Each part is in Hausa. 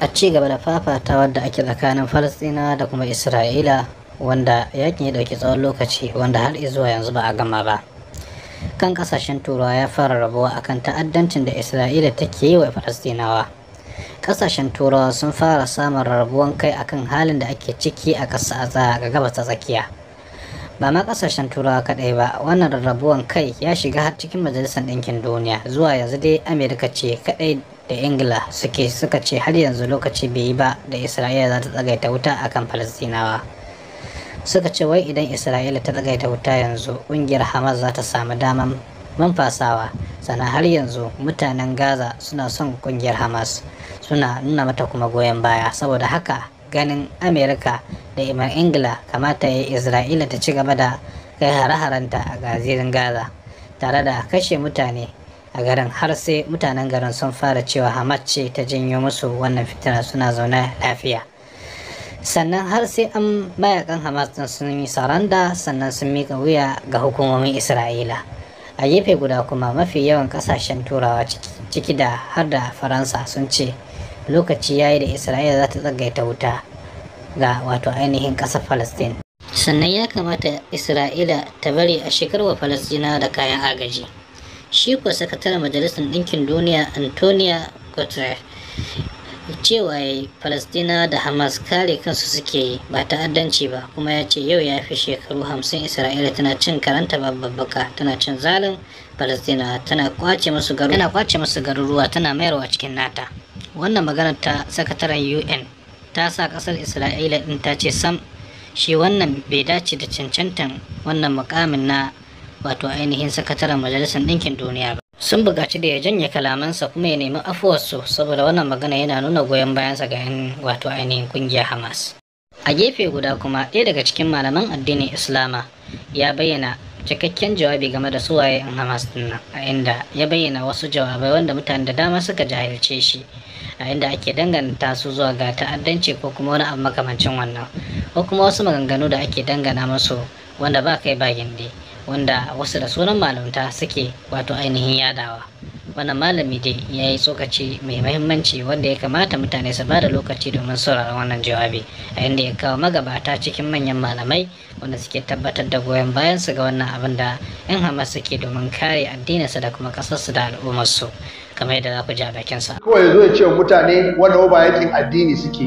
a ci gaba da fafatawa da ake tsakanin falastina da kuma isra'ila wanda yakin ya ɗauki tsawon lokaci wanda har zuwa yanzu ba a gama ba kan kasashen turawa ya fara rabuwa akan ta'addancin da isra'ila take yi wa falastinawa kasashen turawa sun fara samun rabuwan kai akan halin da ake ciki a ƙasa ga gabas ta tsakiya ba ma kasashen turawa kaɗai ba wannan rabuwan kai ya shiga har cikin majalisar ɗinkin duniya zuwa yanzu dai amerika ce kadai da ingila suke suka ce har yanzu lokaci bai yi ba da isra'ila za ta tsagaita wuta a kan falastinawa suka ce wai idan isra'ila ta tsagaita wuta yanzu ƙungiyar hamas za ta samu daman manfasawa sannan har yanzu mutanen gaza suna son ƙungiyar hamas suna nuna mata kuma goyon baya saboda haka ganin amerika da iman ingila kamata ya isra'ila ta ci gaba da kai hare-harenta a gazirin gaza tare da kashe mutane a garin har sai mutanen garin sun fara cewa hamad ce ta janyo musu wannan fitina suna zaune lafiya sannan har sai an mayakan hamas din sun yi saranda sannan sun mika wuya ga hukumomin isra'ila a gefe guda kuma mafi yawan kasashen turawa ciki da har da faransa sun ce lokaci ya yi da isra'ila za ta tsagaita wuta ga wato ainihin ƙasar Falastin. Sannan ya kamata Isra'ila ta bari a wa Falastina da kayan agaji. shi ko sakataren majalisar ɗinkin duniya antonia guterres cewa ya palestina da hamas kare kansu suke yi ba ta'addanci ba kuma ya ce yau ya fi shekaru hamsin isra'ila tana cin karanta babbaka tana cin zalin palestina tana kwace masu garuruwa tana garuruwa tana mayarwa cikin nata wannan magana ta sakataren un ta sa kasar isra'ila din ta ce sam shi wannan bai dace da cancantan wannan mukamin na wato ainihin sakataren majalisar ɗinkin duniya ba sun bugaci da ya janye kalamansa kuma ya nemi afuwarsu saboda wannan magana yana nuna goyon bayansa ga 'yan wato ainihin ƙungiyar hamas a gefe guda kuma ɗaya daga cikin malaman addinin islama ya bayyana cikakken jawabi game da suwaye in hamas dinnan a inda ya bayyana wasu jawabai wanda mutane da dama suka jahilce shi a inda ake danganta su zuwa ga ta'addanci ko kuma wani abu makamancin wannan ko kuma wasu maganganu da ake dangana musu wanda ba kai ba gindi wanda wasu da sunan malamta suke wato ainihin yadawa wannan malami dai ya yi tsokaci mai mahimmanci wanda ya kamata mutane su bada lokaci domin sauraron wannan jawabi a inda ya kawo magabata cikin manyan malamai wanda suke tabbatar da goyon bayan su ga wannan abin da yan hamas suke domin kare addininsu da kuma kasarsu da al'ummarsu kamar yadda za ku ji a bakin sa kawai yanzu ya ce mutane wannan ba yakin addini suke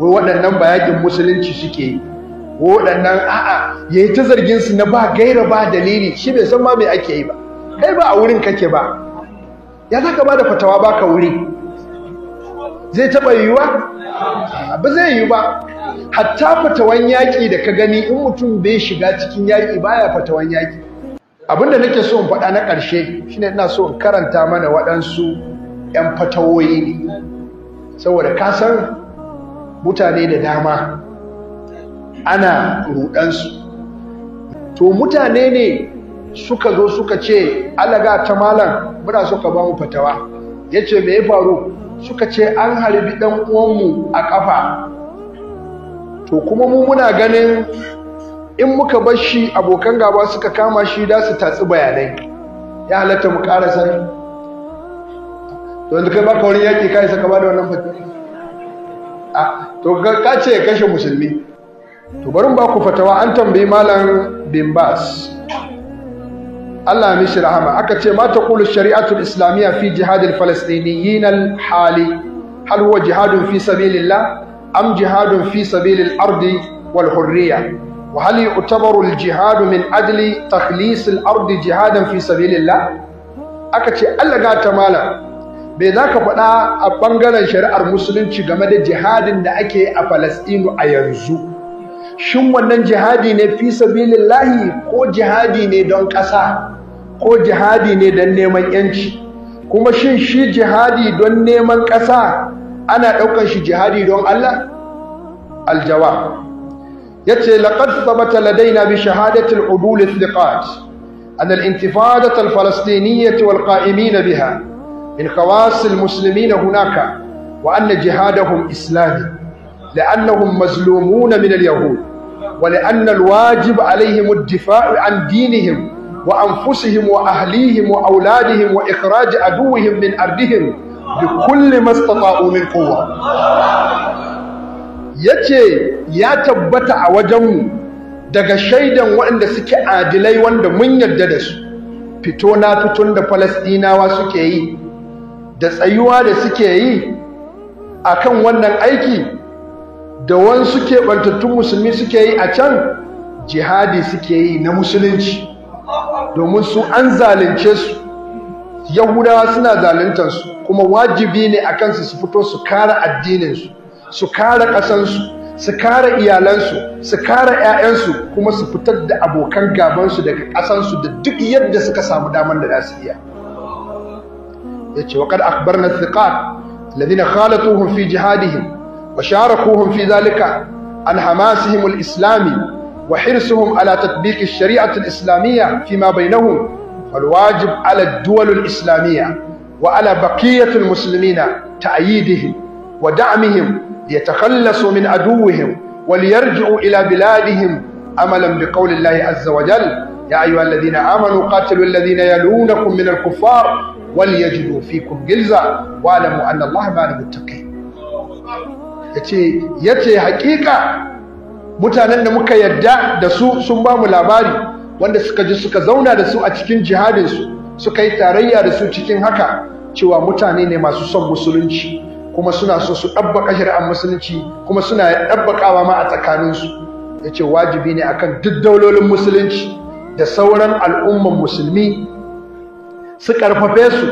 wai waɗannan ba yakin musulunci suke waɗannan a'a ya yi ta zargin su na ba gaira ba dalili shi bai san ma mai ake yi ba kai ba a wurin kake ba ya za ka ba da fatawa ba ka wuri zai taɓa yiwuwa ba zai yiwu ba hatta fatawan yaƙi da ka gani in mutum bai shiga cikin yaƙi baya fatawan yaƙi abin da nake so in faɗa na ƙarshe shine ina so in karanta mana waɗansu 'yan fatawoyi ne saboda ka san mutane da dama ana rudansu to mutane ne suka zo suka ce alaga ta malam muna suka ba mu fatawa ya ce me ya faru suka ce an harbi ɗan uwanmu a kafa to kuma mu muna ganin in muka bar shi abokan gaba suka kama shi da su tatsi bayanai ya halatta mu ƙara sani to yanzu kai baka wani yaƙi kai saka ba da wannan fatawa ah, to ka ce kashe musulmi to barin ba ku fatawa an tambayi malam bin bas Allah mishi rahama aka ce ma taqulu shari'atul islamiyya fi jihadil falastiniyyin hali hal huwa jihadun fi sabilillah am jihadun fi sabilil ardi wal hurriya wa hal yu'tabaru al jihadu min ajli takhlis al ardi jihadan fi sabilillah aka ce Allah ga ta malam bai za ka faɗa a ɓangaren shari'ar musulunci game da jihadin da ake a falasɗinu a yanzu shin wannan jihadi ne fi sabilillahi ko jihadi ne don kasa ko jihadi ne don neman yanci kuma shin shi jihadi don neman kasa ana daukar shi jihadi don Allah aljawab yace laqad thabata ladaina bi shahadati al-udul al thiqat an al-intifada al-falastiniyyah wal-qa'imin biha min khawas al-muslimin hunaka wa anna jihadahum islami لأنهم مظلومون من اليهود ولأن الواجب عليهم الدفاع عن دينهم وأنفسهم وأهليهم وأولادهم وإخراج عدوهم من أرضهم بكل ما استطاعوا من قوة yace ya tabbata a wajenmu daga shaidan waɗanda suke adilai wanda mun yarda da su fito na fiton da falasɗinawa suke yi da tsayuwa da suke yi akan wannan aiki da wansu keɓantattun musulmi suke yi a can jihadi suke yi na musulunci domin su an zalunce su yahudawa suna su. kuma wajibi ne a kansu su fito su kare addininsu su kare ƙasansu su kare iyalansu su kare 'ya'yansu kuma su fitar da abokan gabansu daga ƙasansu da duk yadda suka samu damar da za su iya ya ce waƙar akbar na thiqat alladhina khalatuhum fi jihadihim وشاركوهم في ذلك عن حماسهم الإسلامي وحرصهم على تطبيق الشريعة الإسلامية فيما بينهم فالواجب على الدول الإسلامية وعلى بقية المسلمين تأييدهم ودعمهم ليتخلصوا من عدوهم وليرجعوا إلى بلادهم أملا بقول الله عز وجل يا أيها الذين آمنوا قاتلوا الذين يلونكم من الكفار وليجدوا فيكم جلزة واعلموا أن الله مع المتقين yace yace hakika mutanen da muka yadda da su sun bamu labari wanda suka ji suka zauna da su a cikin jihadinsu su suka yi tarayya da su cikin haka cewa mutane ne masu son musulunci kuma suna so su ɗabbaka shari'ar musulunci kuma suna ɗabbakawa ma a tsakaninsu ya ce wajibi ne akan duk daulolin musulunci da sauran al'umman musulmi su ƙarfafe su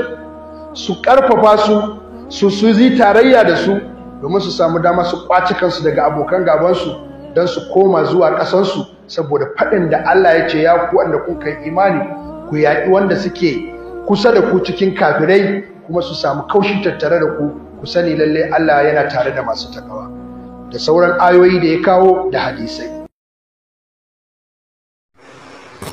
su ƙarfafa su su su zi tarayya da su domin su samu dama su kwace kansu daga abokan gabansu don su koma zuwa ƙasansu saboda faɗin da Allah ya ce ya ku wanda kun kai imani ku yaƙi wanda suke kusa da ku cikin kafirai kuma su samu kaushi tattare da ku ku sani lalle Allah yana tare da masu takawa da sauran ayoyi da ya kawo da hadisai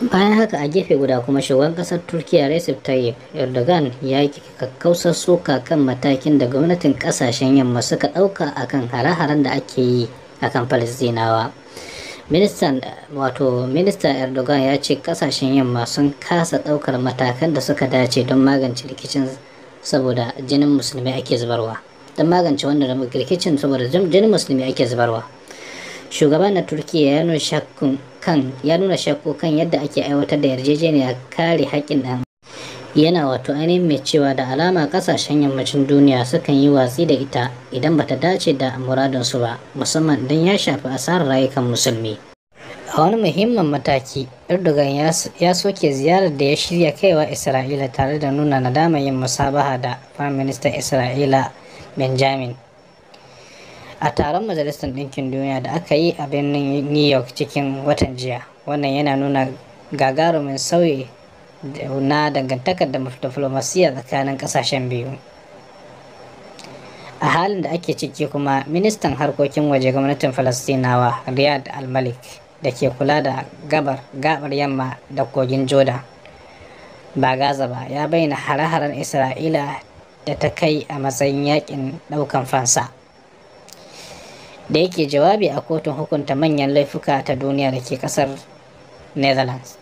bayan haka a gefe guda kuma shugaban kasar turkiya recep tayyip erdogan ya yi kakkausar soka kan matakin da gwamnatin kasashen yamma suka ɗauka akan hare-haren da ake yi akan falastinawa ministan wato minista erdogan ya ce kasashen yamma sun kasa ɗaukar matakan da suka dace don magance rikicin saboda jinin wannan rikicin saboda jinin musulmi ake zubarwa shugaban na turkiya ya nuna shakku kan ya nuna shakku kan yadda ake aiwatar da yarjejeniya kare haƙƙin ɗan yana wato ainihin mai cewa da alama ƙasashen yammacin duniya sukan yi watsi da ita idan bata dace da muradinsu ba musamman don ya shafi asarar rayukan musulmi a wani muhimmin mataki erdogan ya soke ziyarar da ya shirya kaiwa isra'ila tare da nuna nadama musabaha da prime isra'ila benjamin a taron majalisar ɗinkin duniya da aka yi a birnin new york cikin watan jiya wannan yana nuna gagarumin sauyi na dangantakar da diflomasiyya tsakanin ƙasashen biyu a halin da ake ciki kuma ministan harkokin waje gwamnatin falastinawa riyad al-malik da ke kula da gabar gabar yamma da kogin jordan ba gaza ba ya bayyana hare-haren isra'ila da ta kai a matsayin yakin daukan fansa da yake jawabi a kotun hukunta manyan laifuka ta duniya da ke kasar netherlands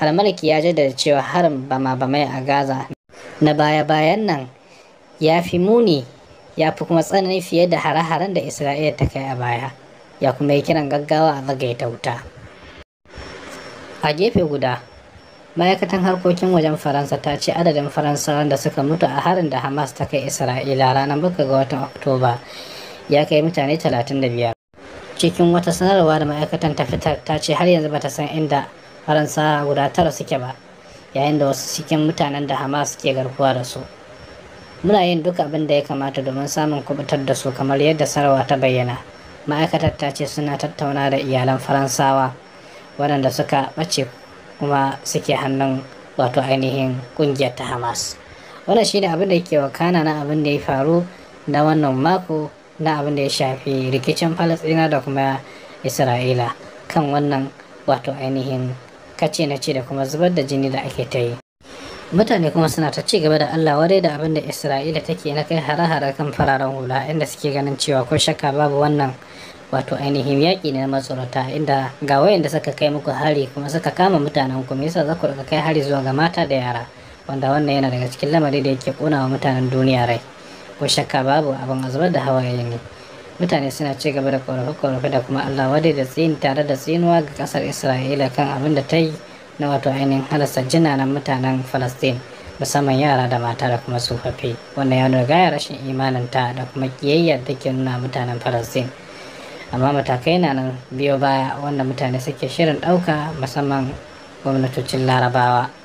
almalki ya jaddada cewa harin bama-bamai a gaza na baya-bayan nan ya fi muni ya fi kuma tsanani fiye da hare-haren da isra'ila ta kai a baya ya kuma yi kiran gaggawa a zagaita wuta a gefe guda ma'aikatan harkokin wajen faransa ta ce adadin faransawan da suka mutu a harin da hamas ta kai isra'ila ranar 7 ga watan oktoba ya kai mutane 35 cikin wata sanarwa da ma'aikatan ta fitar ta ce har yanzu bata san inda faransa guda tara suke ba yayin da wasu cikin mutanen da hamas ke garkuwa da su muna yin duk abin da ya kamata domin samun kubutar da su kamar yadda sanarwa ta bayyana ma'aikatar ta ce suna tattauna da iyalan faransawa waɗanda suka ɓace kuma suke hannun wato ainihin ƙungiyar ta hamas wannan ne abin da ke wakana na abin da ya faru na wannan mako na abin da ya shafi rikicin falasɗina da kuma isra'ila kan wannan wato ainihin kace na ce da kuma zubar da jini da ake ta yi mutane kuma suna ta ci gaba da allah warai da abin da isra'ila take na kai hare-hare kan fararen hula inda suke ganin cewa ko shakka babu wannan wato ainihin yaƙi ne na matsorata inda ga wayanda suka kai muku hari kuma suka kama mutanen ku me yasa za ku kai hari zuwa ga mata da yara wanda wannan yana daga cikin lamari da yake ƙona wa mutanen duniya rai ko shakka babu abin a zubar da hawaye ne mutane suna ci gaba da korafe-korafe da kuma allah wadai da tsini tare da tsinuwa ga kasar isra'ila kan abin da ta yi na wato ainihin halasta jinanan mutanen falastin musamman yara da mata da kuma tsofaffi wanda ya nuna gaya rashin imaninta da kuma kiyayyar da ke nuna mutanen falastin amma matakai na nan biyo baya wanda mutane suke shirin ɗauka musamman gwamnatocin larabawa